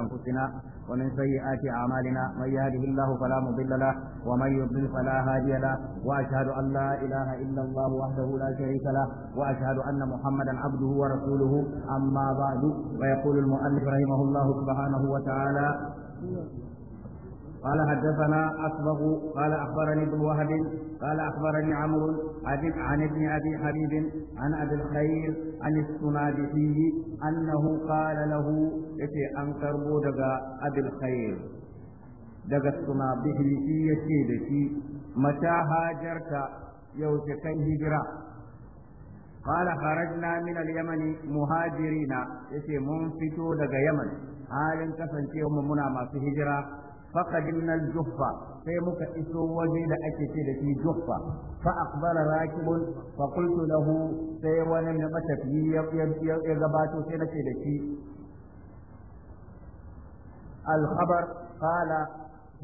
أنفسنا ومن سيئات أعمالنا من يهده الله فلا مضل له ومن يضلل فلا هادي له وأشهد أن لا إله إلا الله وحده لا شريك له وأشهد أن محمدا عبده ورسوله أما بعد ويقول المؤلف رحمه الله سبحانه وتعالى قال حدثنا أصبغ قال أخبرني ابن وهب قال أخبرني عمرو عن ابن أبي حبيب عن أبي الخير عن السنابحي أنه قال له إتي أنكر بودغا أبي الخير دغا السنابحي في يشيدتي متى هاجرت يوشكين هجرة قال خرجنا من اليمن مهاجرين يتي منفتو دغا يمن halin kasancewa muna masu hijira فقدمنا jufa sai muka iso waje da ake ce da shi juhfa fa aqbala rakibun fa qultu lahu sai wani na matafiyi ya gabato sai nace da shi al qala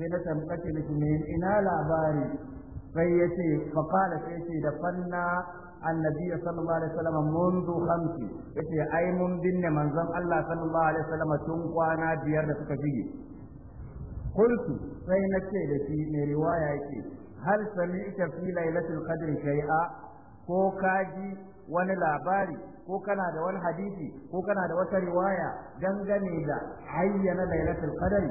sai na tambace da shi ina labari sai yace fa qala sai yace da fanna النبي صلى الله عليه وسلم منذ خمس yace ai mun binne manzon Allah sallallahu alaihi wasallam tun kwana biyar da suka shige qultu sai na ce da shi mai riwaya yake hal sami'ta fi lailatul qadri shay'a ko ji wani labari ko kana da wani hadisi ko kana da wata riwaya dangane da hayyana lailatul qadri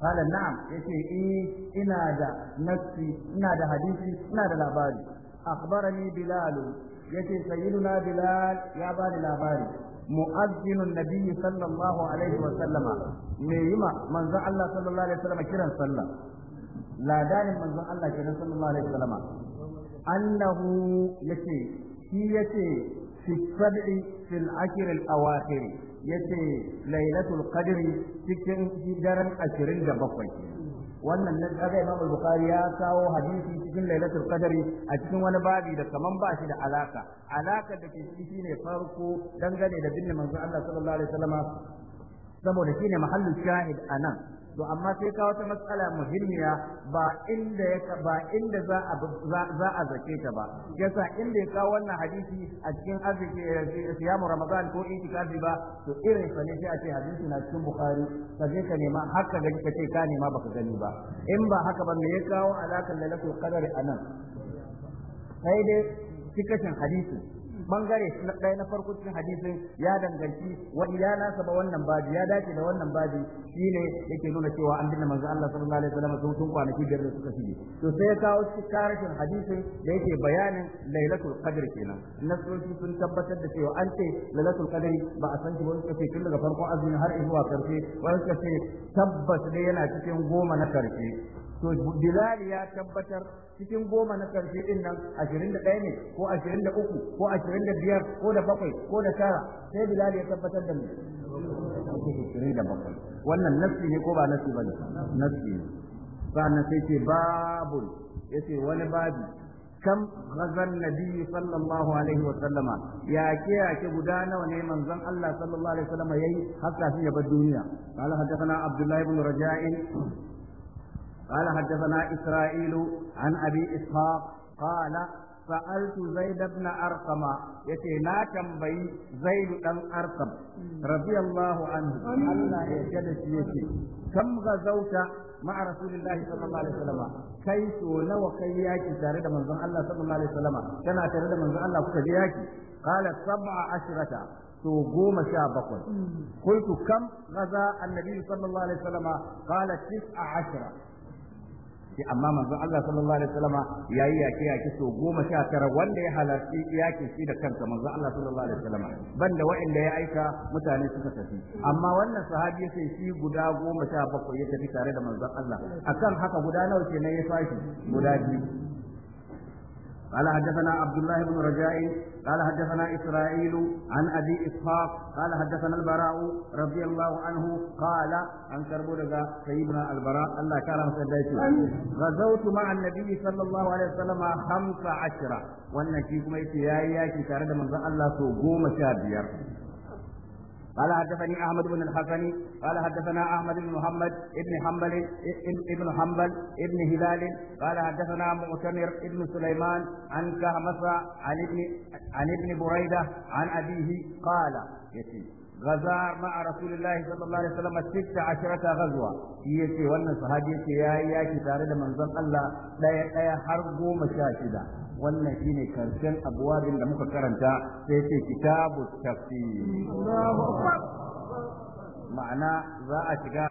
qala na'am yace eh ina da nafsi ina da hadisi ina da labari akhbarani bilal yace sayyiduna bilal ya ba bani labari mu'azzinun nabiyyi sallallahu alaihi wa sallama me yima manzon Allah sallallahu alaihi wa sallama kiran sallah ladanin manzon Allah kiran sallallahu alaihi wa sallama annahu yace shi yace fi sab'i fil ashr al awakhir yace lailatul qadri cikin daren 27 wannan na kaga Imam Bukhari ya kawo hadisi cikin Lailatul Qadri a cikin wani babi da kaman ba shi da alaka alaka da ke ciki ne farko dangane da binne manzo Allah sallallahu alaihi wasallam saboda shine mahallin shahid anan to amma sai ka wata matsala muhimmiya ba inda ba inda za a za a zake ta ba yasa inda ya kawo wannan hadisi a cikin arziki eh, siyamu ramadan ko itikafi ba to irin sa ne sai a ce hadisi na cikin bukhari ka je ka nema haka gani ka ka nema baka gani ba in ba haka ba me ya kawo alaka lalatul qadar anan sai dai cikakken hadisi bangare na ɗaya na farko cikin hadisin ya danganci wani ya ba wannan babi ya dace da wannan babi shine yake nuna cewa an dinna manzo Allah sallallahu alaihi wasallam sun tun kwanaki biyar da suka shige to sai ya kawo shi karashin hadisin da yake bayanin lailatul qadr kenan nasoshi sun tabbatar da cewa an ce lailatul qadr ba a san ki wani kace tun daga farkon azumi har zuwa karshe wani suka tabbas dai yana cikin goma na karshe to dilali ya tabbatar cikin goma na karshe din nan 21 ne ko 23 ko 20 ashirin da biyar ko da bakwai ko da tara sai bilal ya tabbatar da ni. ashirin da bakwai wannan nassi ne ko ba nassi ba ne nassi ne sannan sai ce ya ce wani babi kam ghazan nabi sallallahu alaihi wa sallama ya ke ya ke guda nawa ne manzon Allah sallallahu alaihi wa sallama yayi har kafin ya bar duniya qala hadathana abdullah ibn raja'in qala hadathana isra'ilu an abi ishaq qala sa'altu zaid ibn arqama yace na tambayi zaid dan arqam radiyallahu anhu Allah ya jada shi yace kam gazauta ma rasulillahi sallallahu alaihi wasallam kai so nawa kai yaki tare da manzon Allah sallallahu alaihi wasallam kana tare da manzon Allah kuka je yaki qala sab'a ashrata to goma sha bakwai kultu hmm. kam gaza annabi sallallahu alaihi wasallam qala tis'a ashra sai amma manzo Allah sallallahu alaihi wasallam yayi yake yake so goma sha tara wanda ya halarci yake shi da kansa manzo Allah sallallahu alaihi wasallam banda waɗanda ya aika mutane suka tafi amma wannan sahabi sai shi guda goma sha bakwai ya tafi tare da manzo Allah akan haka guda nawa ke na ya fashi guda biyu قال حدثنا عبد الله بن رجاء قال حدثنا إسرائيل عن أبي إسحاق قال حدثنا البراء رضي الله عنه قال عن كربولة سيدنا البراء الله كرم سيدنا غزوت مع النبي صلى الله عليه وسلم خمس عشرة والنكيك ميت يا يا كي تارد من الله سوقوم شابير قال حدثني احمد بن الحسن قال حدثنا احمد بن محمد بن حنبل ابن حنبل ابن هلال قال حدثنا مؤتمر ابن سليمان عن كهمس عن ابن عن ابن بريده عن ابيه قال يتيم غزا مع رسول الله صلى الله عليه وسلم ست عشرة غزوة يتي وانا صحابي يتي يا يا كتار من الله لا يا حرب مشاشدة wannan shi ne karshen abuwabin da muka karanta sai ce kitabu tafsir ma'ana za a shiga